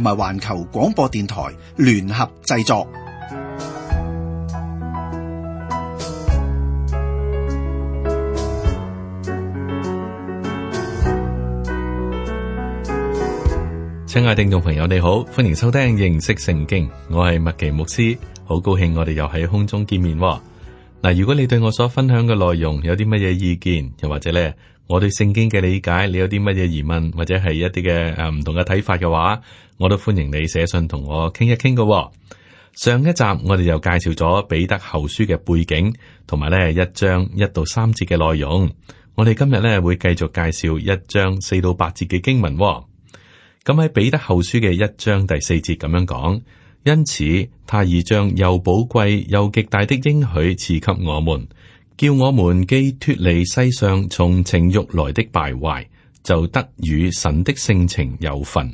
同埋環球廣播電台聯合製作。親愛聽眾朋友，你好，歡迎收聽認識聖經，我係麥奇牧師，好高興我哋又喺空中見面。嗱，如果你對我所分享嘅內容有啲乜嘢意見，又或者咧？我對聖經嘅理解，你有啲乜嘢疑問或者係一啲嘅，誒唔同嘅睇法嘅話，我都歡迎你寫信同我傾一傾嘅、哦。上一集我哋又介紹咗彼得後書嘅背景，同埋呢一章一到三節嘅內容。我哋今日呢會繼續介紹一章四到八節嘅經文、哦。咁、嗯、喺彼得後書嘅一章第四節咁樣講，因此他已將又寶貴又極大的應許賜給我們。叫我們既脫離世上從情欲來的敗壞，就得與神的性情有份。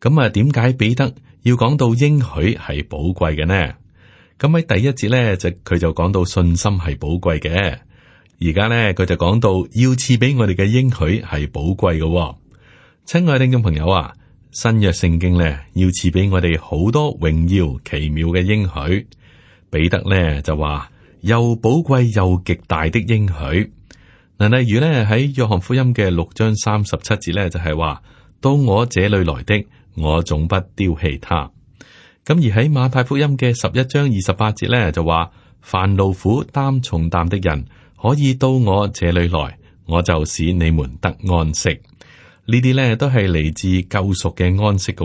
咁啊，點解彼得要講到應許係寶貴嘅呢？咁喺第一節咧就佢就講到信心係寶貴嘅，而家咧佢就講到要賜俾我哋嘅應許係寶貴嘅。親愛聽眾朋友啊，新約聖經咧要賜俾我哋好多榮耀奇妙嘅應許。彼得咧就話。又寶貴又極大的應許嗱，例如呢喺約翰福音嘅六章三十七節呢就係話：到我這裏來的，我總不丟棄他。咁而喺馬太福音嘅十一章二十八節呢，就話：凡勞苦擔重擔的人可以到我這裏來，我就使你們得安息。呢啲呢都係嚟自救贖嘅安息嘅。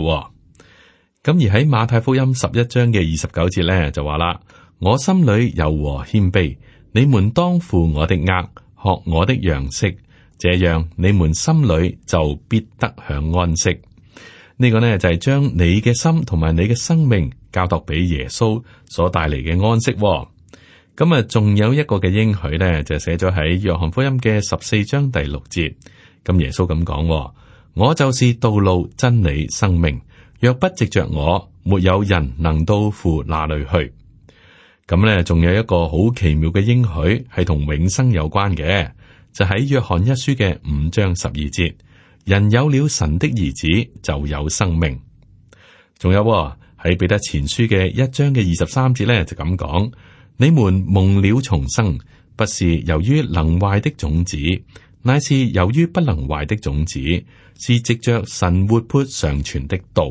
咁而喺馬太福音十一章嘅二十九節呢，就話啦。我心裏柔和謙卑，你們當負我的軛，學我的樣式，這樣你們心裏就必得享安息。呢個呢就係將你嘅心同埋你嘅生命交託俾耶穌所帶嚟嘅安息。咁啊，仲有一個嘅應許呢，就寫咗喺約翰福音嘅十四章第六節。咁耶穌咁講：我就是道路、真理、生命，若不藉着我，沒有人能到父那裏去。咁呢，仲有一個好奇妙嘅應許係同永生有關嘅，就喺約翰一書嘅五章十二節，人有了神的兒子就有生命。仲有喺彼得前書嘅一章嘅二十三節呢，就咁講：你們蒙了重生，不是由於能壞的種子，乃是由於不能壞的種子，是藉着神活潑常存的道。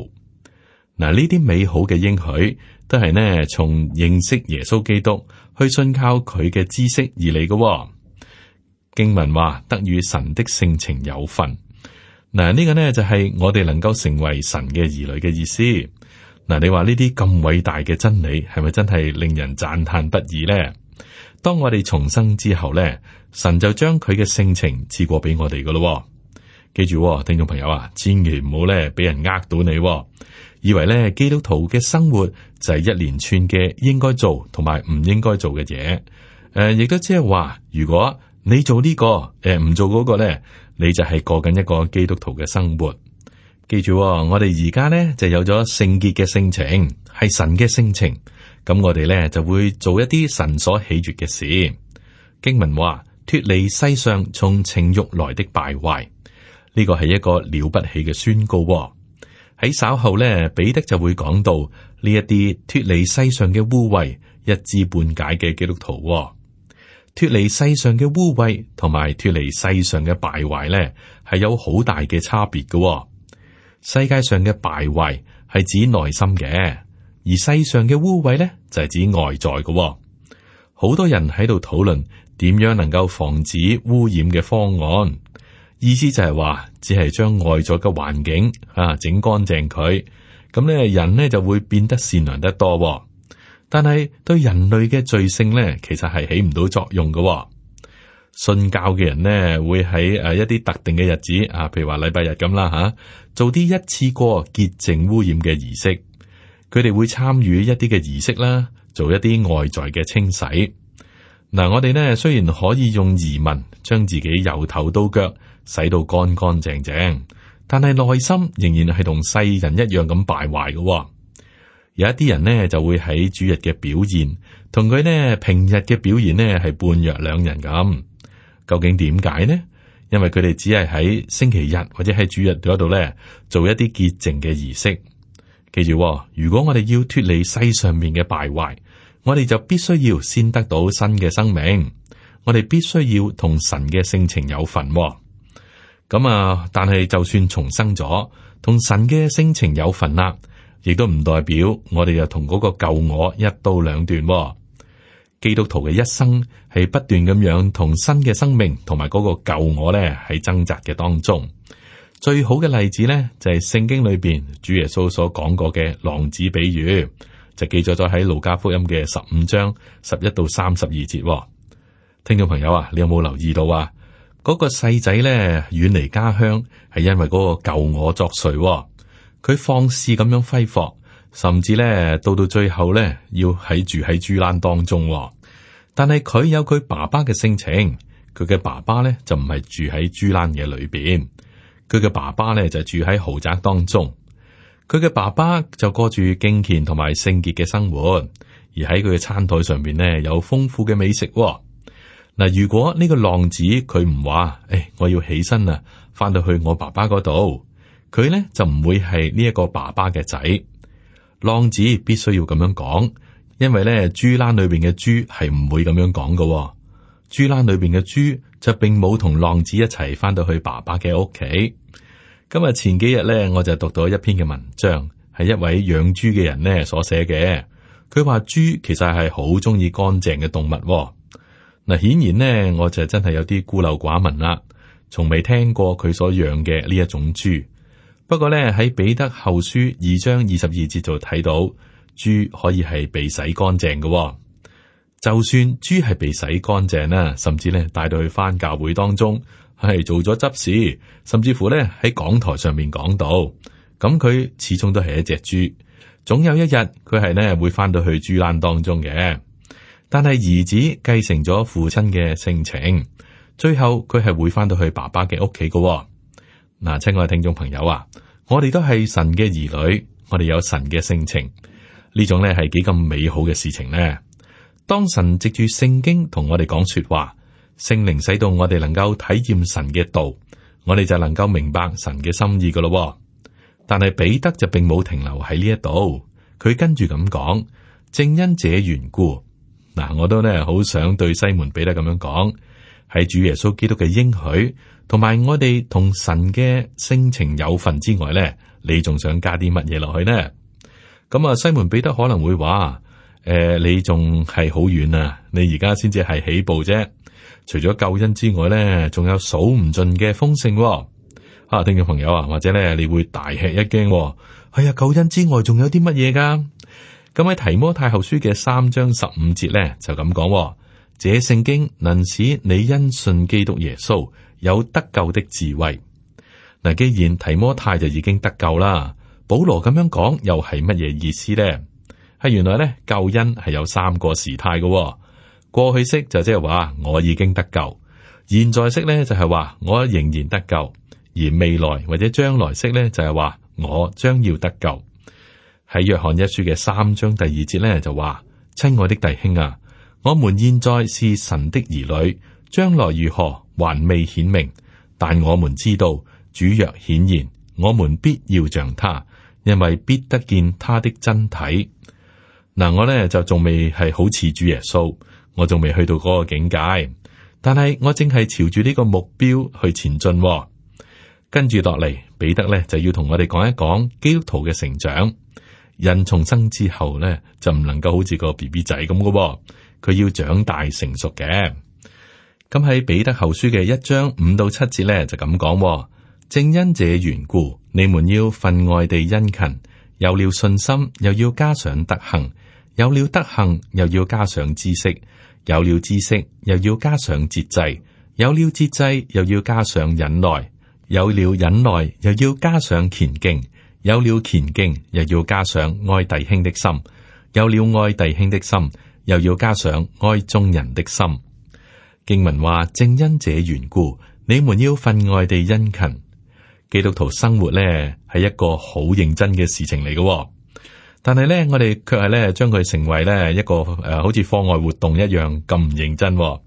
嗱，呢啲美好嘅應許。都係呢，從認識耶穌基督去信靠佢嘅知識而嚟嘅哦。經文話得與神的性情有份。嗱，呢，呢個呢就係我哋能夠成為神嘅兒女嘅意思。嗱，你話呢啲咁偉大嘅真理，係咪真係令人讚嘆不已呢？當我哋重生之後呢，神就將佢嘅性情賜過俾我哋噶咯。記住哦，聽眾朋友啊，千祈唔好呢俾人呃到你哦。以為咧基督徒嘅生活就係一連串嘅應該做同埋唔應該做嘅嘢，誒，亦都即係話，如果你做呢個，誒，唔做嗰個咧，你就係過緊一個基督徒嘅生活。記住喎，我哋而家咧就有咗聖潔嘅性情，係神嘅性情，咁我哋咧就會做一啲神所喜悅嘅事。經文話脫離世上從情欲來的敗壞，呢個係一個了不起嘅宣告喎。喺稍後咧，彼得就會講到呢一啲脫離世上嘅污穢、一知半解嘅基督徒、哦。脫離世上嘅污穢同埋脫離世上嘅敗壞咧，係有好大嘅差別嘅、哦。世界上嘅敗壞係指內心嘅，而世上嘅污穢咧就係、是、指外在嘅、哦。好多人喺度討論點樣能夠防止污染嘅方案。意思就係話，只係將外在嘅環境啊整乾淨佢，咁咧人咧就會變得善良得多、哦。但係對人類嘅罪性咧，其實係起唔到作用嘅、哦。信教嘅人咧，會喺誒一啲特定嘅日子啊，譬如話禮拜日咁啦吓，做啲一,一次過潔淨污染嘅儀式。佢哋會參與一啲嘅儀式啦，做一啲外在嘅清洗。嗱、啊，我哋咧雖然可以用移民將自己由頭到腳。洗到乾乾淨淨，但係內心仍然係同世人一樣咁敗壞嘅、哦。有一啲人呢就會喺主日嘅表現同佢呢平日嘅表現呢係判若兩人咁。究竟點解呢？因為佢哋只係喺星期日或者喺主日嗰度咧做一啲潔淨嘅儀式。記住、哦，如果我哋要脫離世上面嘅敗壞，我哋就必須要先得到新嘅生命。我哋必須要同神嘅性情有份、哦。咁啊、嗯！但係就算重生咗，同神嘅性情有份啦，亦都唔代表我哋就同嗰個舊我一刀兩斷、哦。基督徒嘅一生係不斷咁樣同新嘅生命同埋嗰個舊我咧喺掙扎嘅當中。最好嘅例子咧就係、是、聖經裏邊主耶穌所講過嘅浪子比喻，就記載咗喺路加福音嘅十五章十一到三十二節、哦。聽眾朋友啊，你有冇留意到啊？嗰個細仔咧遠離家鄉，係因為嗰個舊我作祟、哦，佢放肆咁樣揮霍，甚至咧到到最後咧要喺住喺豬欄當中、哦。但係佢有佢爸爸嘅性情，佢嘅爸爸咧就唔係住喺豬欄嘅裏邊，佢嘅爸爸咧就住喺豪宅當中，佢嘅爸爸就過住敬虔同埋聖潔嘅生活，而喺佢嘅餐台上面咧有豐富嘅美食、哦。嗱，如果呢個浪子佢唔話，誒、哎，我要起身呀，翻到去我爸爸嗰度，佢咧就唔會係呢一個爸爸嘅仔。浪子必須要咁樣講，因為咧豬欄裏邊嘅豬係唔會咁樣講嘅、哦。豬欄裏邊嘅豬，就並冇同浪子一齊翻到去爸爸嘅屋企。今日前幾日咧，我就讀到一篇嘅文章，係一位養豬嘅人咧所寫嘅。佢話豬其實係好中意乾淨嘅動物、哦。那顯然呢，我就真係有啲孤陋寡聞啦，從未聽過佢所養嘅呢一種豬。不過呢，喺彼得後書二章二十二節就睇到，豬可以係被洗乾淨嘅。就算豬係被洗乾淨咧，甚至呢，帶到去返教會當中係做咗執事，甚至乎呢，喺講台上面講到，咁佢始終都係一隻豬，總有一日佢係呢會返到去豬欄當中嘅。但係兒子繼承咗父親嘅性情，最後佢係會翻到去爸爸嘅屋企嘅嗱。親愛聽眾朋友啊，我哋都係神嘅兒女，我哋有神嘅性情呢種咧，係幾咁美好嘅事情呢。當神藉住聖經同我哋講說話，聖靈使到我哋能夠體驗神嘅道，我哋就能夠明白神嘅心意噶咯、哦。但係彼得就並冇停留喺呢一度，佢跟住咁講，正因這緣故。嗱、啊，我都咧好想對西門彼得咁樣講，喺主耶穌基督嘅應許同埋我哋同神嘅性情有份之外咧，你仲想加啲乜嘢落去呢？咁啊，西門彼得可能會話：誒、呃，你仲係好遠啊，你而家先至係起步啫。除咗救恩之外咧，仲有數唔盡嘅豐盛。啊，聽眾朋友啊，或者咧你會大吃一驚。係、哎、啊，救恩之外仲有啲乜嘢噶？咁喺提摩太後書嘅三章十五節咧就咁講，這聖經能使你因信基督耶穌有得救的智慧。嗱,既然提摩太就已經得救啦,保羅咁樣講又係乜嘢意思咧？係，原來咧救恩係有三個時態嘅，過去式就即係話我已經得救，現在式咧就係話我仍然得救，而未來或者將來式咧就係話我將要得救。喺約翰一書嘅三章第二節咧，就話：親愛的弟兄啊，我們現在是神的兒女，將來如何還未顯明，但我們知道主若顯然，我們必要像他，因為必得見他的真體。嗱，我呢，就仲未係好似主耶穌，我仲未去到嗰個境界，但係我正係朝住呢個目標去前進哦。跟住落嚟，彼得呢，就要同我哋講一講基督徒嘅成長。人重生之後咧，就唔能夠好似個 B B 仔咁噶，佢要長大成熟嘅。咁喺彼得後書嘅一章五到七節咧，就咁講，正因這緣故，你們要分外地殷勤，有了信心，又要加上德行；有了德行，又要加上知識；有了知識，又要加上節制；有了節制，又要加上忍耐；有了忍耐，又要加上虔敬。有了虔敬，又要加上愛弟兄的心；有了愛弟兄的心，又要加上愛眾人的心。經文話：正因這緣故，你們要分外地殷勤。基督徒生活呢係一個好認真嘅事情嚟嘅，哦。但係呢，我哋卻係咧將佢成為咧一個誒、呃，好似課外活動一樣咁唔認真，哦。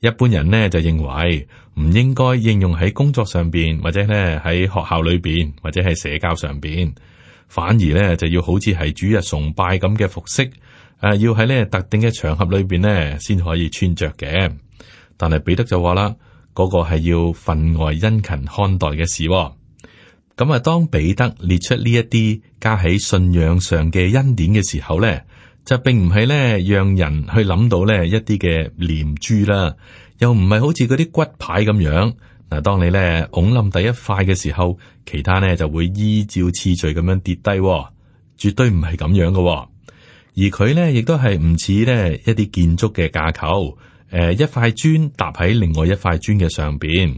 一般人呢就認為。唔應該應用喺工作上邊，或者咧喺學校裏邊，或者係社交上邊，反而咧就要好似係主日崇拜咁嘅服飾誒，要喺呢特定嘅場合裏邊咧先可以穿着嘅。但係彼得就話啦，嗰個係要分外殷勤看待嘅事。咁啊，當彼得列出呢一啲加喺信仰上嘅恩典嘅時候咧。就並唔係咧，讓人去諗到咧一啲嘅念珠啦，又唔係好似嗰啲骨牌咁樣。嗱，當你咧拱冧第一塊嘅時候，其他咧就會依照次序咁樣跌低，絕對唔係咁樣㗎。而佢咧亦都係唔似咧一啲建築嘅架構，誒，一塊磚搭喺另外一塊磚嘅上邊。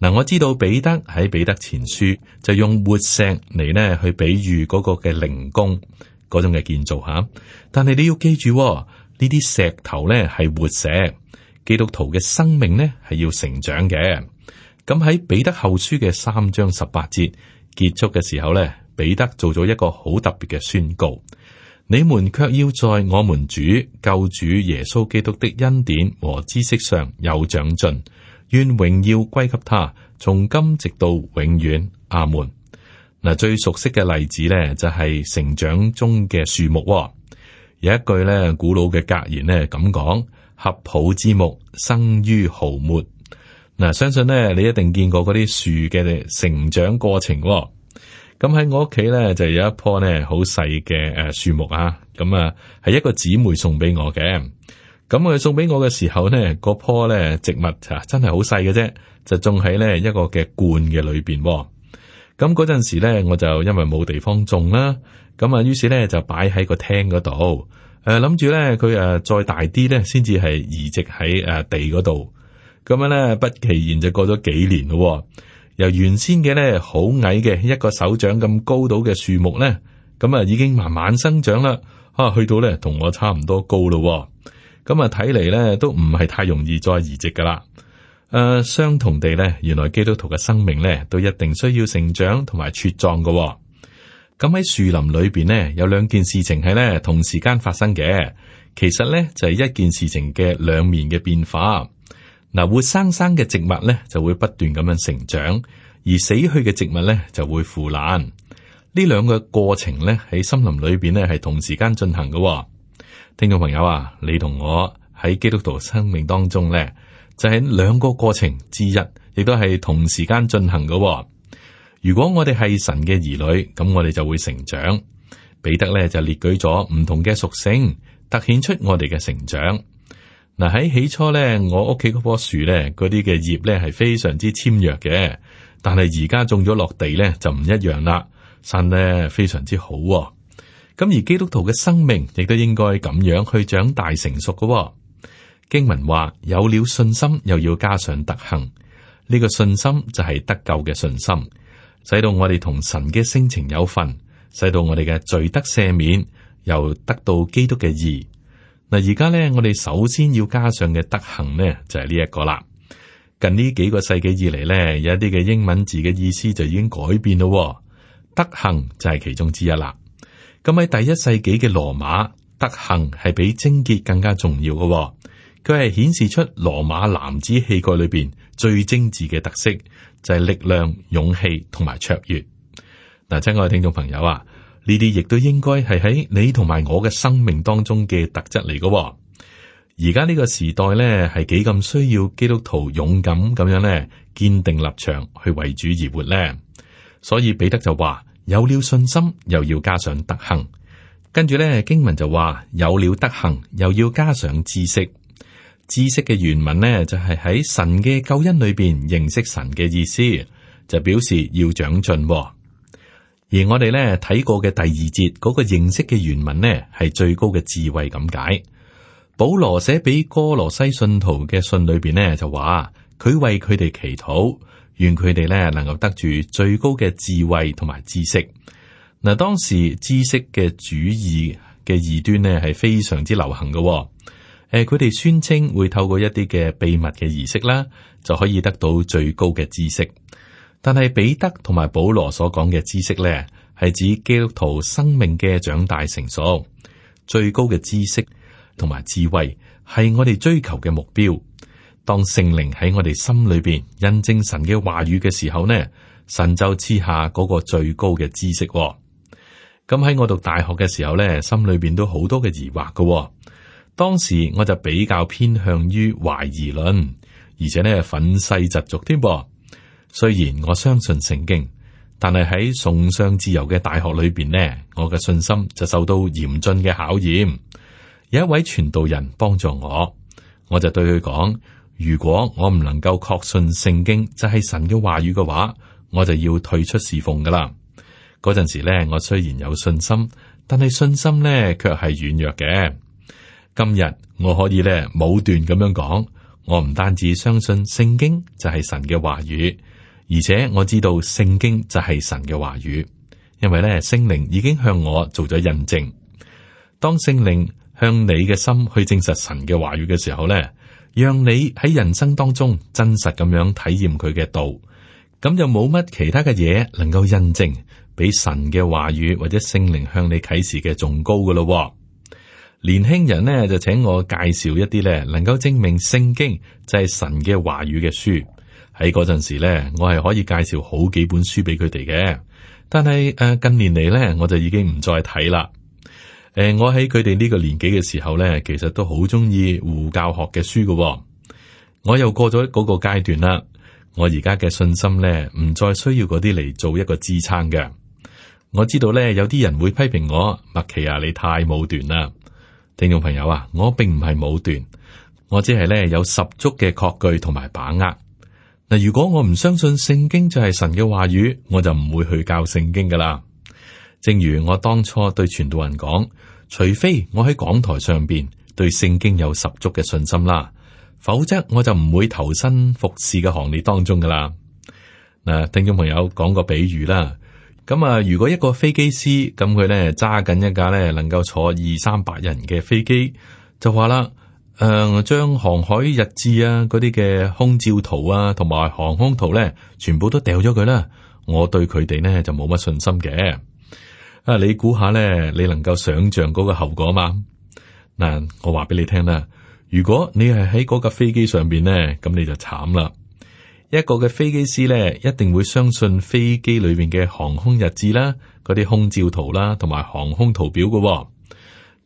嗱，我知道彼得喺彼得前書就用活石嚟呢去比喻嗰個嘅靈宮。嗰種嘅建造吓，但係你要記住呢啲石頭咧係活石，基督徒嘅生命咧係要成長嘅。咁喺彼得後書嘅三章十八節結束嘅時候咧，彼得做咗一個好特別嘅宣告：你們卻要在我們主、救主耶穌基督的恩典和知識上有長進，願榮耀歸給他，從今直到永遠。阿門。嗱，最熟悉嘅例子咧，就係成長中嘅樹木。有一句咧古老嘅格言咧，咁講：合抱之木，生於毫末。嗱，相信咧你一定見過嗰啲樹嘅成長過程。咁喺我屋企咧，就有一棵咧好細嘅誒樹木啊。咁啊，係一個姊妹送俾我嘅。咁佢送俾我嘅時候咧，嗰棵咧植物啊，真係好細嘅啫，就種喺咧一個嘅罐嘅裏邊。咁嗰陣時咧，我就因為冇地方種啦，咁啊，於是咧就擺喺個廳嗰度，誒，諗住咧佢誒再大啲咧，先至係移植喺誒地嗰度。咁樣咧，不其然就過咗幾年咯，由原先嘅咧好矮嘅一個手掌咁高到嘅樹木咧，咁啊已經慢慢生長啦，啊，去到咧同我差唔多高咯。咁啊睇嚟咧都唔係太容易再移植噶啦。誒，uh, 相同地呢，原來基督徒嘅生命呢，都一定需要成長同埋茁壯嘅。咁喺樹林裏邊呢，有兩件事情係呢同時間發生嘅。其實呢，就係、是、一件事情嘅兩面嘅變化。嗱，活生生嘅植物呢，就會不斷咁樣成長，而死去嘅植物呢，就會腐爛。呢兩個過程呢，喺森林裏邊呢，係同時間進行嘅、哦。聽眾朋友啊，你同我喺基督徒生命當中呢。就喺兩個過程之一，亦都係同時間進行嘅喎。如果我哋係神嘅兒女，咁我哋就會成長。彼得咧就列舉咗唔同嘅屬性，凸顯出我哋嘅成長。嗱，喺起初咧，我屋企嗰棵樹咧，嗰啲嘅葉咧係非常之纖弱嘅，但係而家種咗落地咧就唔一樣啦，生咧非常之好喎。咁而基督徒嘅生命亦都應該咁樣去長大成熟嘅喎。經文話，有了信心，又要加上德行。呢個信心就係得救嘅信心，使到我哋同神嘅性情有份，使到我哋嘅罪得赦免，又得到基督嘅義。嗱，而家咧，我哋首先要加上嘅德行咧，就係呢一個啦。近呢幾個世紀以嚟咧，有一啲嘅英文字嘅意思就已經改變咯。德行就係其中之一啦。咁喺第一世紀嘅羅馬，德行係比貞潔更加重要噶。佢係顯示出羅馬男子氣概裏邊最精緻嘅特色，就係、是、力量、勇氣同埋卓越。嗱、啊，親愛嘅聽眾朋友啊，呢啲亦都應該係喺你同埋我嘅生命當中嘅特質嚟㗎。而家呢個時代咧，係幾咁需要基督徒勇敢咁樣咧，堅定立場去為主而活咧。所以彼得就話，有了信心又要加上德行，跟住咧經文就話，有了德行又要加上知識。知識嘅原文呢，就係喺神嘅救恩裏邊認識神嘅意思，就表示要長進。而我哋呢睇過嘅第二節嗰個認識嘅原文呢，係最高嘅智慧咁解。保羅寫俾哥羅西信徒嘅信裏邊呢，就話佢為佢哋祈禱，願佢哋呢能夠得住最高嘅智慧同埋知識。嗱，當時知識嘅主義嘅異端呢，係非常之流行噶。誒，佢哋宣稱會透過一啲嘅秘密嘅儀式啦，就可以得到最高嘅知識。但係彼得同埋保羅所講嘅知識咧，係指基督徒生命嘅長大成熟。最高嘅知識同埋智慧係我哋追求嘅目標。當聖靈喺我哋心裏邊印證神嘅話語嘅時候呢，神就賜下嗰個最高嘅知識。咁喺我讀大學嘅時候咧，心裏邊都好多嘅疑惑噶。當時我就比較偏向於懷疑論，而且咧憤世嫉俗添。雖然我相信聖經，但係喺崇尚自由嘅大學裏邊呢，我嘅信心就受到嚴峻嘅考驗。有一位傳道人幫助我，我就對佢講：如果我唔能夠確信聖經就係神嘅話語嘅話，我就要退出侍奉噶啦。嗰陣時呢，我雖然有信心，但係信心呢，卻係軟弱嘅。今日我可以咧武斷咁樣講，我唔單止相信聖經就係神嘅話語，而且我知道聖經就係神嘅話語，因為咧聖靈已經向我做咗印證。當聖靈向你嘅心去證實神嘅話語嘅時候咧，讓你喺人生當中真實咁樣體驗佢嘅道，咁就冇乜其他嘅嘢能夠印證比神嘅話語或者聖靈向你啟示嘅仲高噶咯。年輕人呢，就請我介紹一啲呢，能夠證明聖經就係神嘅話語嘅書。喺嗰陣時呢，我係可以介紹好幾本書俾佢哋嘅。但係誒，近年嚟呢，我就已經唔再睇啦。誒、呃，我喺佢哋呢個年紀嘅時候呢，其實都好中意護教學嘅書㗎。我又過咗嗰個階段啦，我而家嘅信心呢，唔再需要嗰啲嚟做一個支撐嘅。我知道呢，有啲人會批評我，麥琪啊，你太武斷啦。聽眾朋友啊，我並唔係武斷，我只係咧有十足嘅確據同埋把握。嗱，如果我唔相信聖經就係神嘅話語，我就唔會去教聖經噶啦。正如我當初對傳道人講，除非我喺講台上邊對聖經有十足嘅信心啦，否則我就唔會投身服侍嘅行列當中噶啦。嗱，聽眾朋友講個比喻啦。咁啊，如果一個飛機師咁佢咧揸緊一架咧能夠坐二三百人嘅飛機，就話啦，誒、呃，將航海日誌啊嗰啲嘅空照圖啊同埋航空圖咧，全部都掉咗佢啦，我對佢哋咧就冇乜信心嘅。啊，你估下咧，你能夠想象嗰個後果嘛？嗱，我話俾你聽啦，如果你係喺嗰架飛機上邊咧，咁你就慘啦。一個嘅飛機師咧，一定會相信飛機裏面嘅航空日誌啦，嗰啲空照圖啦，同埋航空圖表噶喎。誒、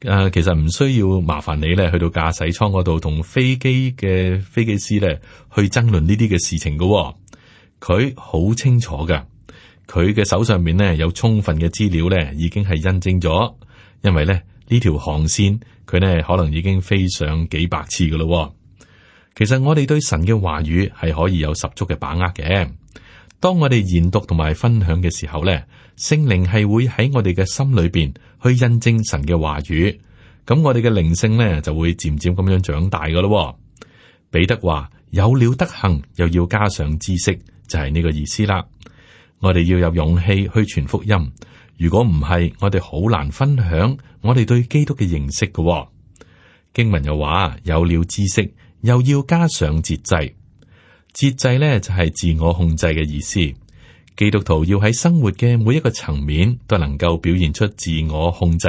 呃，其實唔需要麻煩你咧，去到駕駛艙嗰度同飛機嘅飛機師咧去爭論呢啲嘅事情噶喎。佢好清楚噶，佢嘅手上面咧有充分嘅資料咧，已經係印證咗。因為咧呢條航線，佢呢可能已經飛上幾百次噶喇喎。其實我哋對神嘅話語係可以有十足嘅把握嘅。當我哋研讀同埋分享嘅時候咧，聖靈係會喺我哋嘅心裏邊去印證神嘅話語。咁我哋嘅靈性咧就會漸漸咁樣長大噶咯、哦。彼得話：有了德行，又要加上知識，就係、是、呢個意思啦。我哋要有勇氣去傳福音，如果唔係，我哋好難分享我哋對基督嘅認識噶。經文又話：有了知識。又要加上節制，節制呢，就係自我控制嘅意思。基督徒要喺生活嘅每一個層面都能夠表現出自我控制。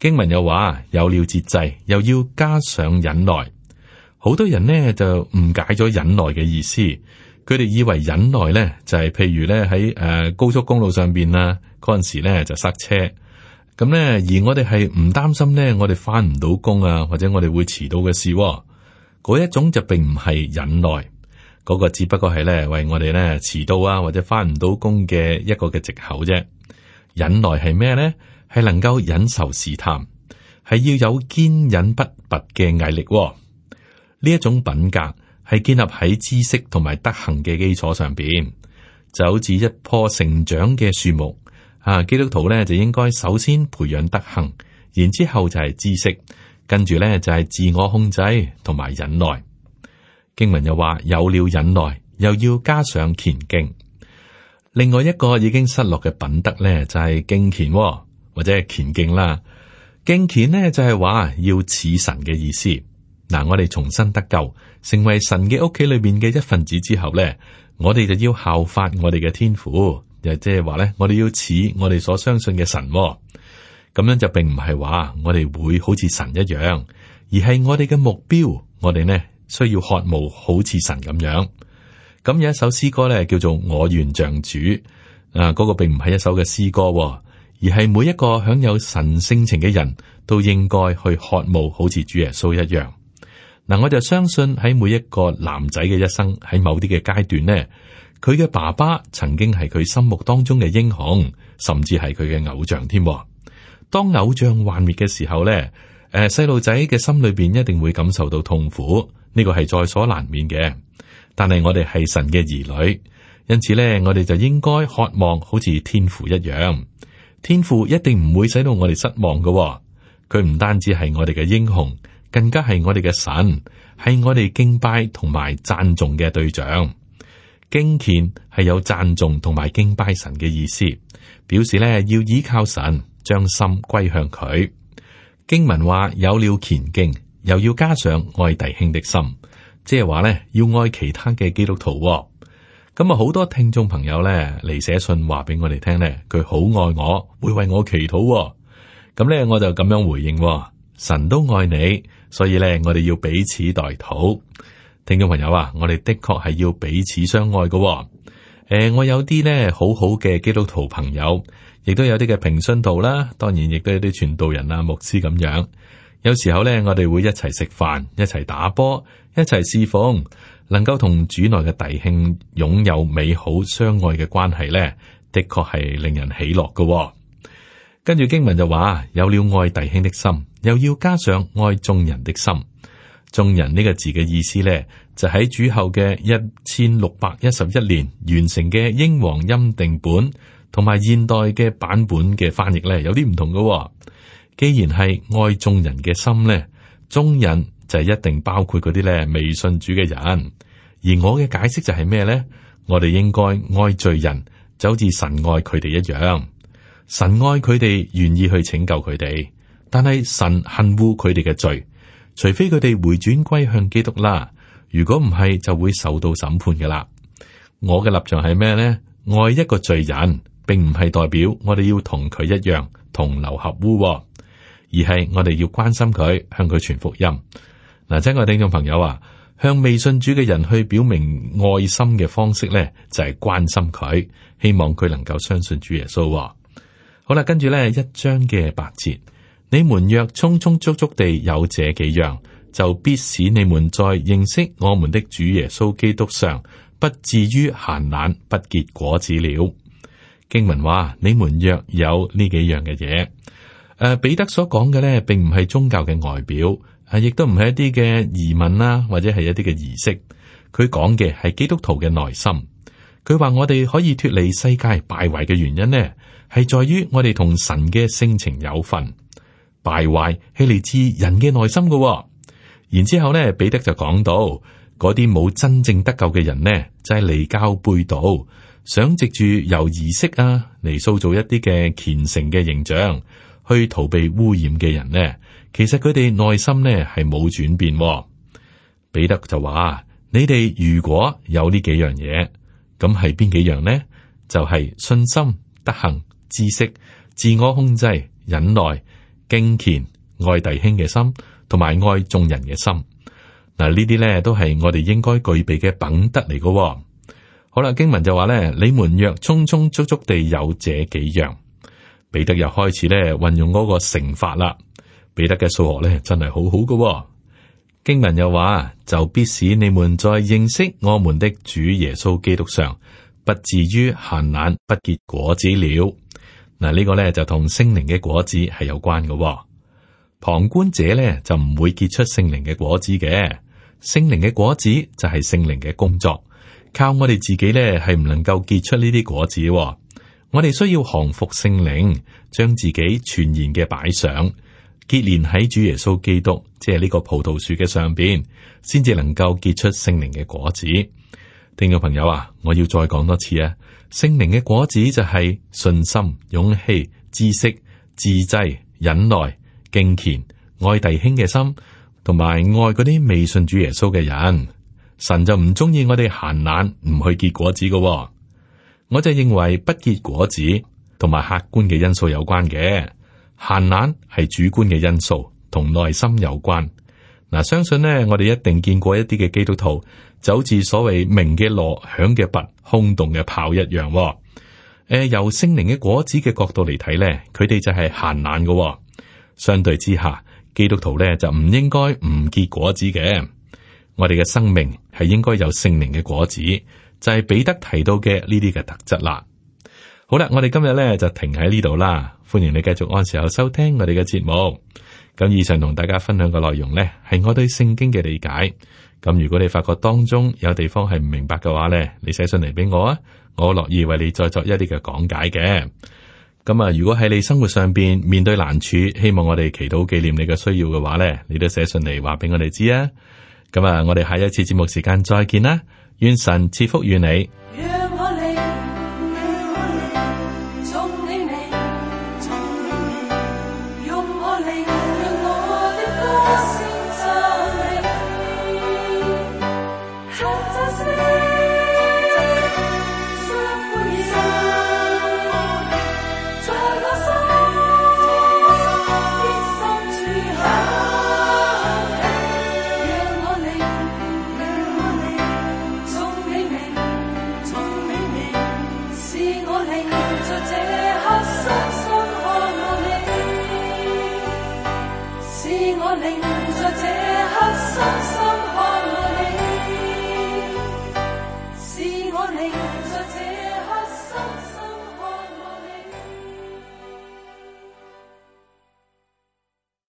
經文又話，有了節制，又要加上忍耐。好多人呢，就誤解咗忍耐嘅意思，佢哋以為忍耐呢，就係譬如呢，喺誒高速公路上邊啊嗰陣時呢就塞車。咁咧，而我哋係唔擔心咧，我哋翻唔到工啊，或者我哋會遲到嘅事、哦。嗰一種就並唔係忍耐，嗰、嗰個只不過係咧為我哋咧遲到啊或者翻唔到工嘅一個嘅藉口啫。忍耐係咩咧？係能夠忍受試探，係要有堅忍不拔嘅毅力、哦。呢一種品格係建立喺知識同埋德行嘅基礎上邊，就好似一棵成長嘅樹木。啊，基督徒咧就應該首先培養德行，然之後就係知識，跟住咧就係自我控制同埋忍耐。經文又話，有了忍耐，又要加上虔敬。另外一個已經失落嘅品德咧，就係敬虔喎，或者係虔敬啦。敬虔咧就係話要似神嘅意思。嗱，我哋重新得救，成為神嘅屋企裏面嘅一份子之後咧，我哋就要效法我哋嘅天父。即係話呢，我哋要似我哋所相信嘅神，哦，咁樣就並唔係話我哋會好似神一樣，而係我哋嘅目標，我哋呢需要渴慕好似神咁樣。咁有一首詩歌呢，叫做《我願像主》，啊，嗰、嗰個並唔係一首嘅詩歌，哦，而係每一個享有神性情嘅人都應該去渴慕好似主耶穌一樣。嗱、啊，我就相信喺每一個男仔嘅一生喺某啲嘅階段呢。佢嘅爸爸曾經係佢心目當中嘅英雄，甚至係佢嘅偶像添。當偶像幻滅嘅時候呢，誒細路仔嘅心裏邊一定會感受到痛苦，呢個係在所難免嘅。但係我哋係神嘅兒女，因此呢，我哋就應該渴望好似天父一樣，天父一定唔會使到我哋失望嘅、哦。佢唔單止係我哋嘅英雄，更加係我哋嘅神，係我哋敬拜同埋讚頌嘅對象。敬虔係有讚頌同埋敬拜神嘅意思，表示咧要依靠神，將心歸向佢。經文話有了虔敬，又要加上愛弟兄的心，即係話咧要愛其他嘅基督徒。咁啊，好多聽眾朋友咧嚟寫信話俾我哋聽咧，佢好愛我，會為我祈禱。咁咧我就咁樣回應，神都愛你，所以咧我哋要彼此代禱。聽眾朋友啊，我哋的確係要彼此相愛㗎喎。誒、呃，我有啲呢好好嘅基督徒朋友，亦都有啲嘅平信徒啦，當然亦都有啲傳道人啊、牧師咁樣。有時候呢，我哋會一齊食飯、一齊打波、一齊侍奉，能夠同主內嘅弟兄擁有美好相愛嘅關係呢，的確係令人喜樂㗎喎。跟住經文就話，有了愛弟兄的心，又要加上愛眾人的心。眾人呢個字嘅意思呢，就喺主後嘅一千六百一十一年完成嘅英皇欽定本同埋現代嘅版本嘅翻譯呢，有啲唔同嘅，哦。既然係愛眾人嘅心呢，眾人就一定包括嗰啲呢未信主嘅人。而我嘅解釋就係咩呢？我哋應該愛罪人，就好似神愛佢哋一樣。神愛佢哋，願意去拯救佢哋，但係神恨惡佢哋嘅罪。除非佢哋回轉歸向基督啦，如果唔係，就會受到審判嘅啦。我嘅立場係咩呢？愛一個罪人，並唔係代表我哋要同佢一樣同流合污，喔，而係我哋要關心佢，向佢傳福音。嗱，親愛嘅聽眾朋友啊，向未信主嘅人去表明愛心嘅方式呢，就係、是、關心佢，希望佢能夠相信主耶穌，喔。好啦，跟住呢一章嘅八節。你們若充充足足地有這幾樣，就必使你們在認識我們的主耶穌基督上不至於閒懶不結果子了。經文話：你們若有呢幾樣嘅嘢，誒、啊，彼得所講嘅呢，並唔係宗教嘅外表，啊，亦都唔係一啲嘅疑問啦、啊，或者係一啲嘅儀式。佢講嘅係基督徒嘅內心。佢話我哋可以脫離世界敗壞嘅原因呢，係在於我哋同神嘅性情有份。敗壞係嚟自人嘅內心噶喎。然之後咧，彼得就講到嗰啲冇真正得救嘅人呢，就係離交背道，想藉住由儀式啊嚟塑造一啲嘅虔誠嘅形象，去逃避污染嘅人呢。其實佢哋內心呢係冇轉變哦。彼得就話：你哋如果有呢幾樣嘢，咁係邊幾樣呢？就係信心、德行、知識、自我控制、忍耐。敬虔愛弟兄嘅心，同埋愛眾人嘅心，嗱，呢啲咧都係我哋應該具備嘅品德嚟噶。好啦，經文就話咧，你們若充充足足地有這幾樣，彼得又開始咧運用嗰個乘法啦。彼得嘅數學咧真係好好噶。經文又話，就必使你們在認識我們的主耶穌基督上，不至於閒懶不結果子了。嗱，呢個咧就同聖靈嘅果子係有關嘅，哦。旁觀者咧就唔會結出聖靈嘅果子嘅。聖靈嘅果子就係聖靈嘅工作，靠我哋自己咧係唔能夠結出呢啲果子，哦。我哋需要降服聖靈，將自己全然嘅擺上，結連喺主耶穌基督，即係呢個葡萄樹嘅上邊，先至能夠結出聖靈嘅果子。聽嘅朋友啊，我要再講多次啊！聖靈嘅果子就係信心、勇氣、知識、自制、忍耐、敬虔、愛弟兄嘅心，同埋愛嗰啲未信主耶穌嘅人。神就唔中意我哋閒懶唔去結果子嘅，哦。我就認為不結果子同埋客觀嘅因素有關嘅，閒懶係主觀嘅因素同內心有關。嗱，相信呢，我哋一定見過一啲嘅基督徒，就好似所謂鳴嘅鑼、響嘅鈸、空洞嘅炮一樣。哦。誒、呃，由聖靈嘅果子嘅角度嚟睇呢，佢哋就係閒懶嘅。相對之下，基督徒呢就唔應該唔結果子嘅。我哋嘅生命係應該有聖靈嘅果子，就係、是、彼得提到嘅呢啲嘅特質啦。好啦，我哋今日呢就停喺呢度啦。歡迎你繼續按時候收聽我哋嘅節目。咁以上同大家分享嘅內容呢，係我對聖經嘅理解。咁如果你發覺當中有地方係唔明白嘅話呢，你寫信嚟俾我啊，我樂意為你再作一啲嘅講解嘅。咁啊，如果喺你生活上邊面對難處，希望我哋祈禱紀念你嘅需要嘅話呢，你都寫信嚟話俾我哋知啊。咁啊，我哋下一次節目時間再見啦，願神賜福與你。